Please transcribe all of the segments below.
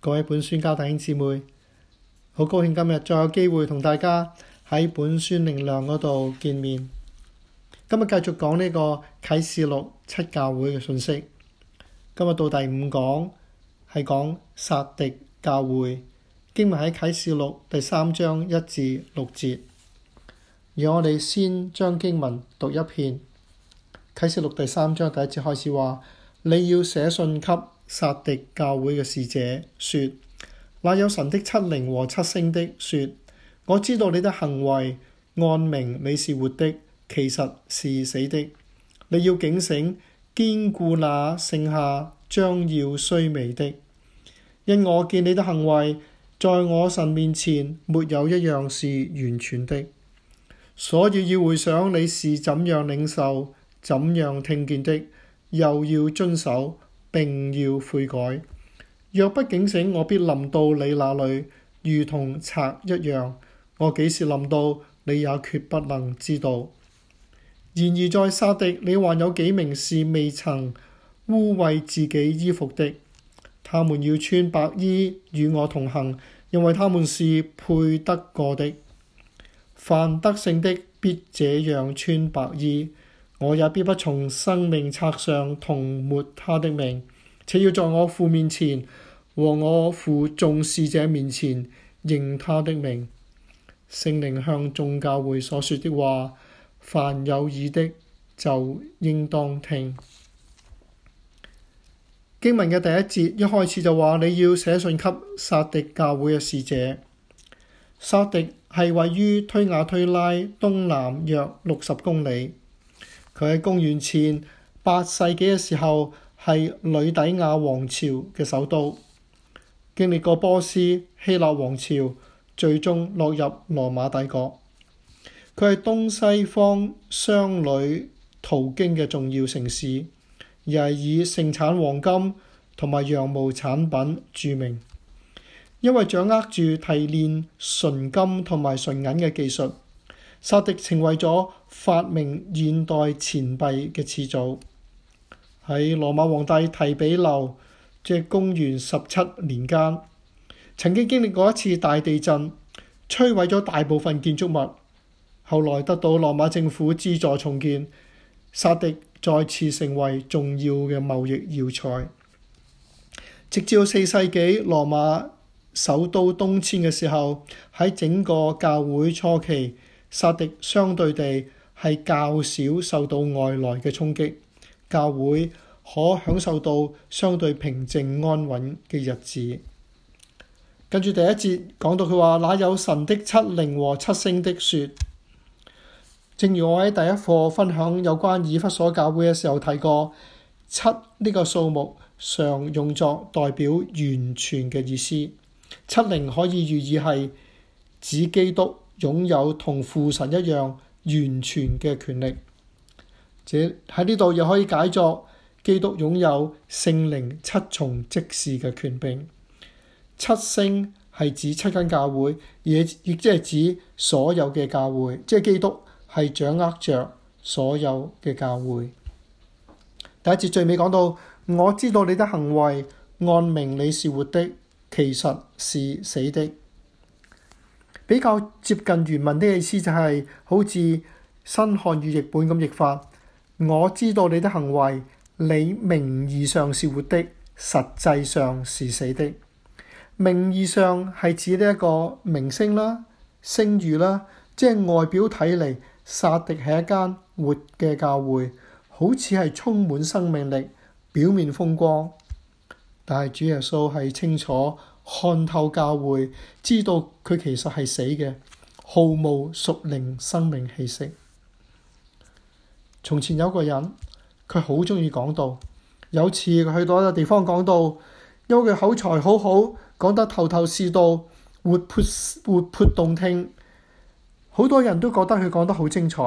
各位本宣教弟兄姊妹，好高興今日再有機會同大家喺本宣靈糧嗰度見面。今日繼續講呢個啟示錄七教會嘅信息。今日到第五講，係講撒狄教會經文喺啟示錄第三章一至六節。而我哋先將經文讀一遍。啟示錄第三章第一節開始話，你要寫信給。撒迪教會嘅使者說：那有神的七靈和七星的說，我知道你的行為，按名你是活的，其實是死的。你要警醒，堅固那剩下將要衰微的，因我見你的行為在我神面前沒有一樣是完全的，所以要回想你是怎樣領受、怎樣聽見的，又要遵守。並要悔改。若不警醒，我必臨到你那裡，如同賊一樣。我幾時臨到，你也決不能知道。然而在撒狄，你還有幾名是未曾污穢自己衣服的。他們要穿白衣與我同行，因為他們是配得過的。凡得勝的必這樣穿白衣。我也必不從生命冊上同沒他的名，且要在我父面前和我父眾使者面前認他的名。聖靈向眾教會所說的話，凡有耳的就應當聽。經文嘅第一節一開始就話：你要寫信給撒狄教會嘅使者。撒狄係位於推雅推拉東南約六十公里。佢喺公元前八世紀嘅時候係呂底亞王朝嘅首都，經歷過波斯、希臘王朝，最終落入羅馬帝國。佢係東西方商旅途經嘅重要城市，而係以盛產黃金同埋羊毛產品著名，因為掌握住提煉純金同埋純銀嘅技術。薩迪成為咗發明現代錢幣嘅始祖。喺羅馬皇帝提比流即公元十七年間，曾經經歷過一次大地震，摧毀咗大部分建築物。後來得到羅馬政府資助重建，薩迪再次成為重要嘅貿易要塞。直至四世紀，羅馬首都東遷嘅時候，喺整個教會初期。撒迪相對地係較少受到外來嘅衝擊，教會可享受到相對平靜安穩嘅日子。跟住第一節講到佢話：那有神的七靈和七星的説？正如我喺第一課分享有關以弗所教會嘅時候提過，七呢個數目常用作代表完全嘅意思。七靈可以寓意係指基督。擁有同父神一樣完全嘅權力，喺呢度又可以解作基督擁有聖靈七重即時嘅權柄。七星係指七間教會，亦即係指所有嘅教會，即係基督係掌握着所有嘅教會。第一節最尾講到，我知道你的行為，按名你是活的，其實是死的。比較接近原文的意思就係好似新漢語譯本咁譯法，我知道你的行為，你名義上是活的，實際上是死的。名義上係指呢一個名聲啦、聲譽啦，即係外表睇嚟，撒迪係一間活嘅教會，好似係充滿生命力、表面風光，但係主耶穌係清楚。看透教會，知道佢其實係死嘅，毫無屬靈生命氣息。從前有個人，佢好中意講道。有次佢去到一個地方講道，因為佢口才好好，講得頭頭是道，活潑活潑動聽，好多人都覺得佢講得好精彩。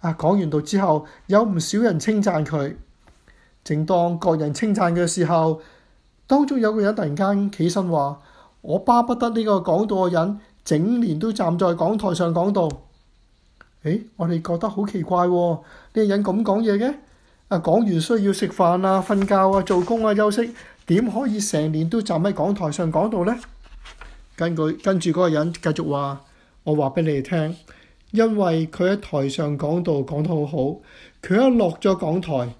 啊，講完道之後，有唔少人稱讚佢。正當各人稱讚嘅時候，當中有個人突然間起身話：我巴不得呢個講道嘅人整年都站在講台上講道。誒、欸，我哋覺得好奇怪喎、哦、呢、這個人咁講嘢嘅，啊講完需要食飯啊、瞓覺啊、做工啊、休息，點可以成年都站喺講台上講道呢？跟住嗰個人繼續話：我話俾你哋聽，因為佢喺台上講道講得好好，佢一落咗講台，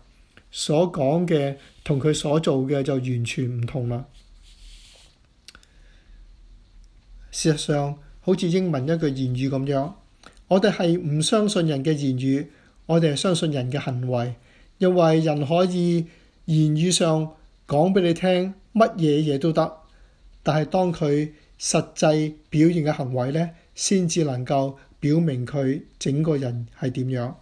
所講嘅同佢所做嘅就完全唔同啦。事實上，好似英文一句言語咁樣，我哋係唔相信人嘅言語，我哋係相信人嘅行為，因為人可以言語上講俾你聽乜嘢嘢都得，但係當佢實際表現嘅行為咧，先至能夠表明佢整個人係點樣。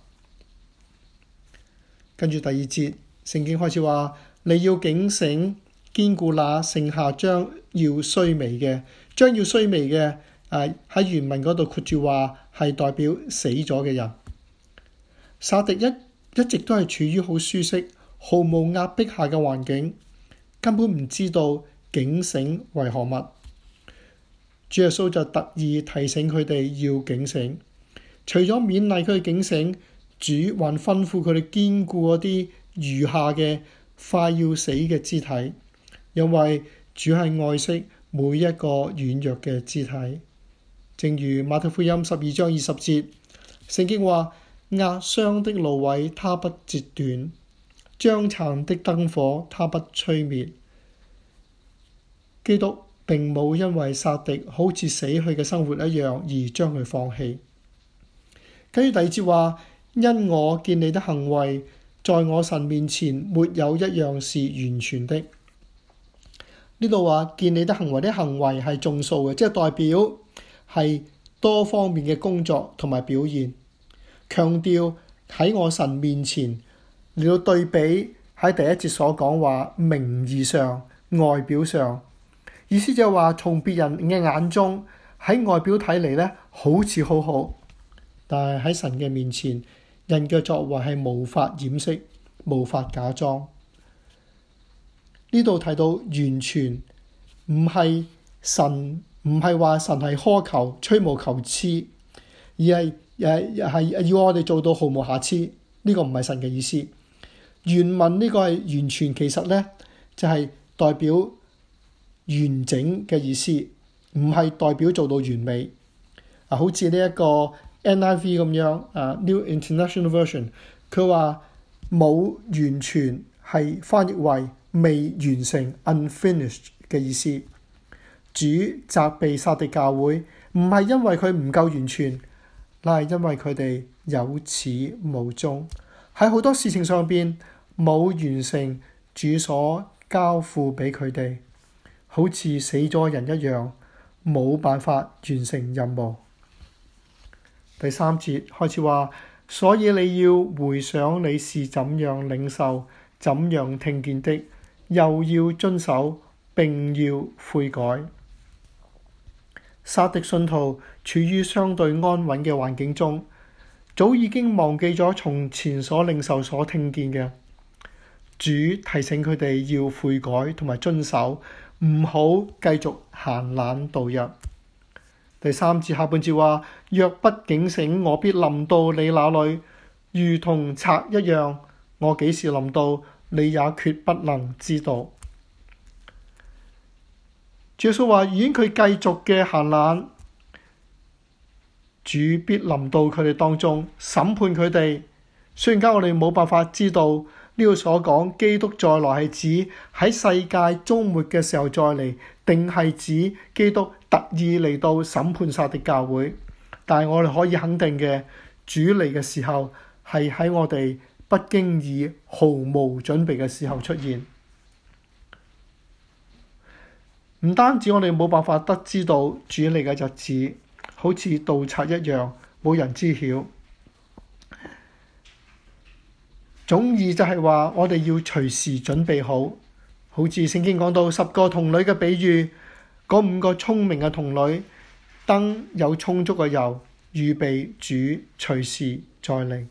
跟住第二節，聖經開始話：你要警醒，堅固那剩下將要衰微嘅，將要衰微嘅。誒、啊、喺原文嗰度括住話係代表死咗嘅人。撒迪一一直都係處於好舒適、毫無壓迫下嘅環境，根本唔知道警醒為何物。主耶穌就特意提醒佢哋要警醒，除咗勉勵佢警醒。主還吩咐佢哋堅固嗰啲餘下嘅快要死嘅肢體，因為主係愛惜每一個軟弱嘅肢體。正如馬太福音十二章二十節，聖經話壓傷的蘆葦，他不折斷；將殘的燈火，他不吹滅。基督並冇因為撒迪好似死去嘅生活一樣而將佢放棄。跟住第二節話。因我見你的行為，在我神面前沒有一樣是完全的。呢度話，見你的行為，啲行為係眾數嘅，即係代表係多方面嘅工作同埋表現，強調喺我神面前，你要對比喺第一節所講，話名義上、外表上，意思就係話，從別人嘅眼中，喺外表睇嚟，咧好似好好，但係喺神嘅面前。人嘅作為係無法掩飾、無法假裝。呢度提到完全唔係神，唔係話神係苛求、吹毛求疵，而係誒係要我哋做到毫無瑕疵。呢、這個唔係神嘅意思。原文呢個係完全，其實呢就係、是、代表完整嘅意思，唔係代表做到完美。啊，好似呢一個。NIV 咁樣啊，New International Version，佢話冇完全係翻譯為未完成 （unfinished） 嘅意思。主責備撒狄教會，唔係因為佢唔夠完全，而係因為佢哋有始無終。喺好多事情上邊冇完成，主所交付俾佢哋，好似死咗人一樣，冇辦法完成任務。第三節開始話，所以你要回想你是怎樣領受、怎樣聽見的，又要遵守並要悔改。撒迪信徒處於相對安穩嘅環境中，早已經忘記咗從前所領受、所聽見嘅。主提醒佢哋要悔改同埋遵守，唔好繼續閒懶度日。第三節下半節話：若不警醒，我必臨到你那裏，如同賊一樣。我幾時臨到，你也決不能知道。耶穌話：如果佢繼續嘅行懶，主必臨到佢哋當中審判佢哋。雖然而家我哋冇辦法知道呢個所講基督再來係指喺世界終末嘅時候再嚟，定係指基督，特意嚟到審判撒狄教會，但係我哋可以肯定嘅，主嚟嘅時候係喺我哋不經意、毫無準備嘅時候出現。唔單止我哋冇辦法得知到主嚟嘅日子，好似盜賊一樣，冇人知曉，總而就係話，我哋要隨時準備好，好似聖經講到十個童女嘅比喻。嗰五個聰明嘅童女，燈有充足嘅油，預備主，隨時再嚟。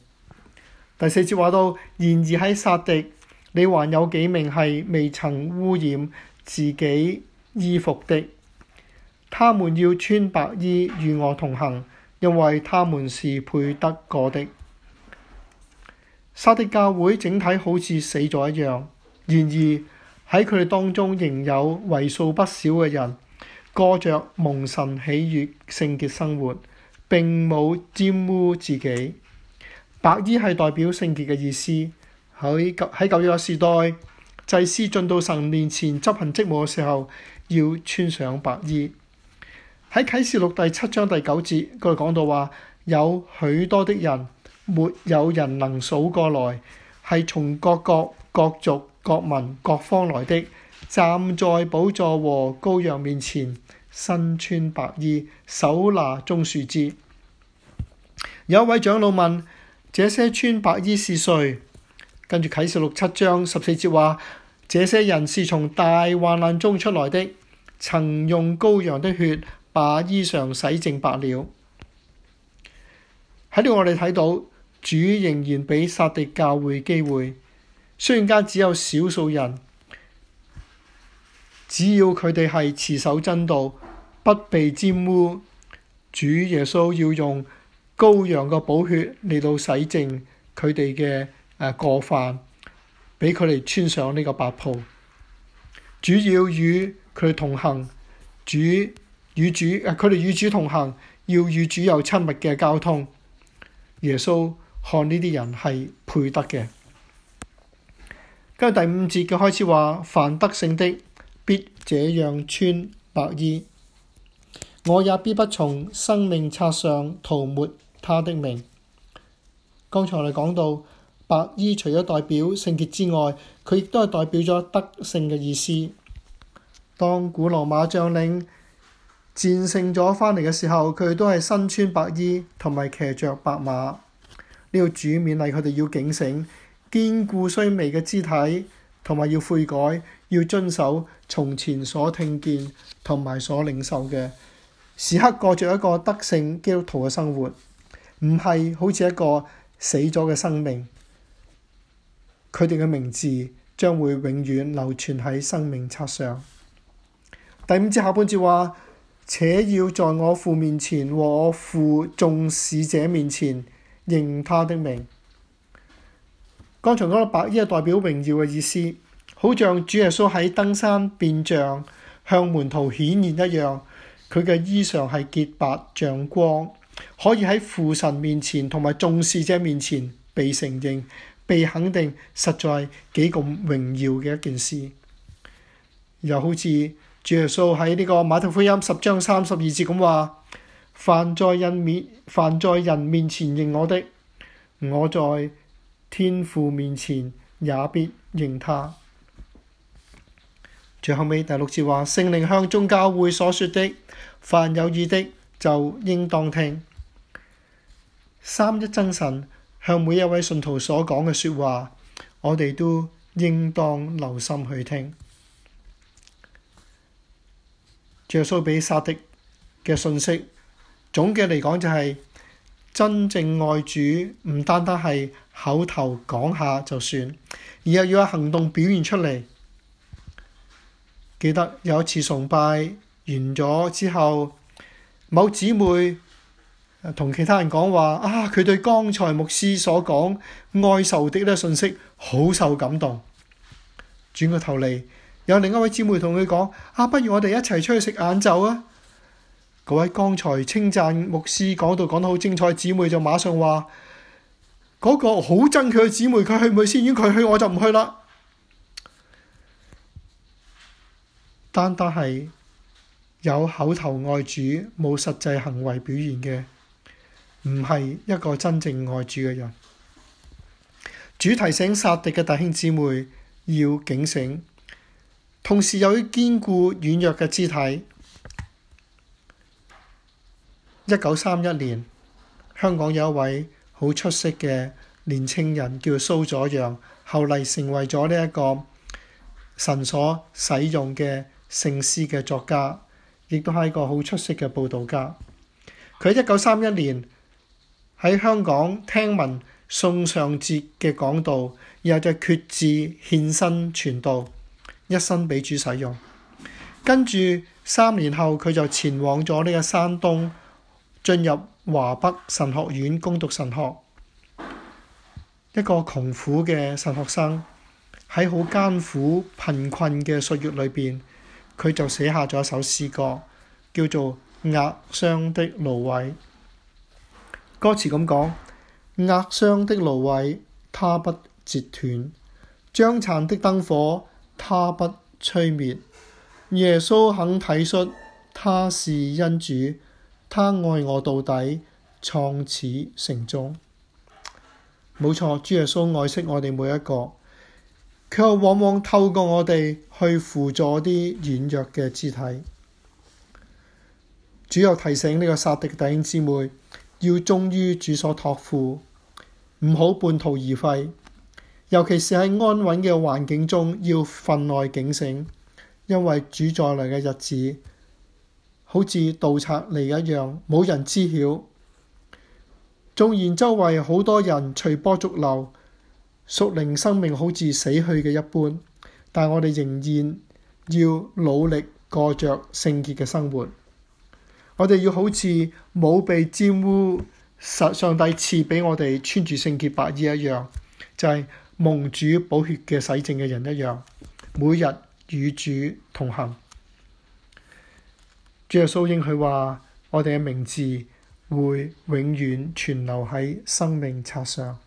第四節話到，然而喺撒迪，你還有幾名係未曾污染自己衣服的，他們要穿白衣與我同行，因為他們是配得過的。撒迪教會整體好似死咗一樣，然而喺佢哋當中，仍有為數不少嘅人。過着蒙神喜悅聖潔生活，並冇沾污自己。白衣係代表聖潔嘅意思。喺舊，喺舊約時代，祭司進到神面前執行職務嘅時候，要穿上白衣。喺啟示錄第七章第九節，佢講到話：有許多的人，沒有人能數過來，係從各國、各族、各民、各方來的。站在寶座和羔羊面前，身穿白衣，手拿棕樹枝。有一位長老問：這些穿白衣是誰？跟住啟示錄七章十四節話：這些人是從大患難中出來的，曾用羔羊的血把衣裳洗淨白了。喺度我哋睇到主仍然俾撒狄教會機會，雖然間只有少數人。只要佢哋係持守真道，不被沾污，主耶穌要用羔羊嘅寶血嚟到洗淨佢哋嘅誒過犯，俾佢哋穿上呢個白袍。主要與佢同行，主與主誒佢哋與主同行，要與主有親密嘅交通。耶穌看呢啲人係配得嘅。跟住第五節嘅開始話：凡得勝的。必這樣穿白衣，我也必不從生命冊上塗抹他的名。剛才我哋講到白衣除咗代表聖潔之外，佢亦都係代表咗得勝嘅意思。當古羅馬將領戰勝咗翻嚟嘅時候，佢都係身穿白衣同埋騎着白馬。呢個主勉勵佢哋要警醒，堅固衰微嘅肢體，同埋要悔改。要遵守從前所聽見同埋所領受嘅，時刻過着一個德性基督徒嘅生活，唔係好似一個死咗嘅生命。佢哋嘅名字將會永遠流傳喺生命冊上。第五節下半節話：且要在我父面前和我父眾使者面前認他的名。剛才嗰個白衣係代表榮耀嘅意思。好像主耶穌喺登山變像向門徒顯現一樣，佢嘅衣裳係潔白像光，可以喺父神面前同埋眾使者面前被承認、被肯定，實在幾咁榮耀嘅一件事。又好似主耶穌喺呢個馬太福音十章三十二節咁話：凡在人面凡在人面前認我的，我在天父面前也必認他。最後尾第六節話：聖靈向宗教會所說的，凡有意的就應當聽。三一真神向每一位信徒所講嘅説話，我哋都應當留心去聽。約書比撒的嘅信息，總嘅嚟講就係、是、真正愛主，唔單單係口頭講下就算，而係要有行動表現出嚟。記得有一次崇拜完咗之後，某姊妹同其他人講話啊，佢對剛才牧師所講愛仇的呢個信息好受感動。轉個頭嚟，有另一位姊妹同佢講：啊，不如我哋一齊出去食晏晝啊！嗰位剛才稱讚牧師講到講得好精彩，姊妹就馬上話：嗰、嗰個好憎佢嘅姊妹，佢去唔去先？如果佢去，我就唔去啦。單單係有口頭愛主，冇實際行為表現嘅，唔係一個真正愛主嘅人。主提醒撒狄嘅弟兄姊妹要警醒，同時又要堅固軟弱嘅肢體。一九三一年，香港有一位好出色嘅年青人叫蘇佐揚，後嚟成為咗呢一個神所使用嘅。聖師嘅作家，亦都係一個好出色嘅報道家。佢一九三一年喺香港聽聞宋尚節嘅講道，然後就決志獻身傳道，一生俾主使用。跟住三年後，佢就前往咗呢個山東進入華北神學院攻讀神學。一個窮苦嘅神學生喺好艱苦貧困嘅歲月裏邊。佢就寫下咗一首詩歌，叫做《壓傷的蘆葦》。歌詞咁講：壓傷的蘆葦，它不折斷；將殘的燈火，它不吹滅。耶穌肯體恤，他是恩主，他愛我到底，創始成終。冇錯，主耶穌愛惜我哋每一個。佢又往往透過我哋去輔助啲軟弱嘅肢體。主又提醒呢個撒狄弟兄姊妹，要忠於主所託付，唔好半途而廢。尤其是喺安穩嘅環境中，要分外警醒，因為主在嚟嘅日子，好似盜賊嚟一樣，冇人知曉。縱然周圍好多人隨波逐流。屬靈生命好似死去嘅一般，但我哋仍然要努力過着聖潔嘅生活。我哋要好似冇被沾污，實上帝賜俾我哋穿住聖潔白衣一樣，就係、是、蒙主寶血嘅洗淨嘅人一樣，每日與主同行。耶穌應許，佢話，我哋嘅名字會永遠存留喺生命冊上。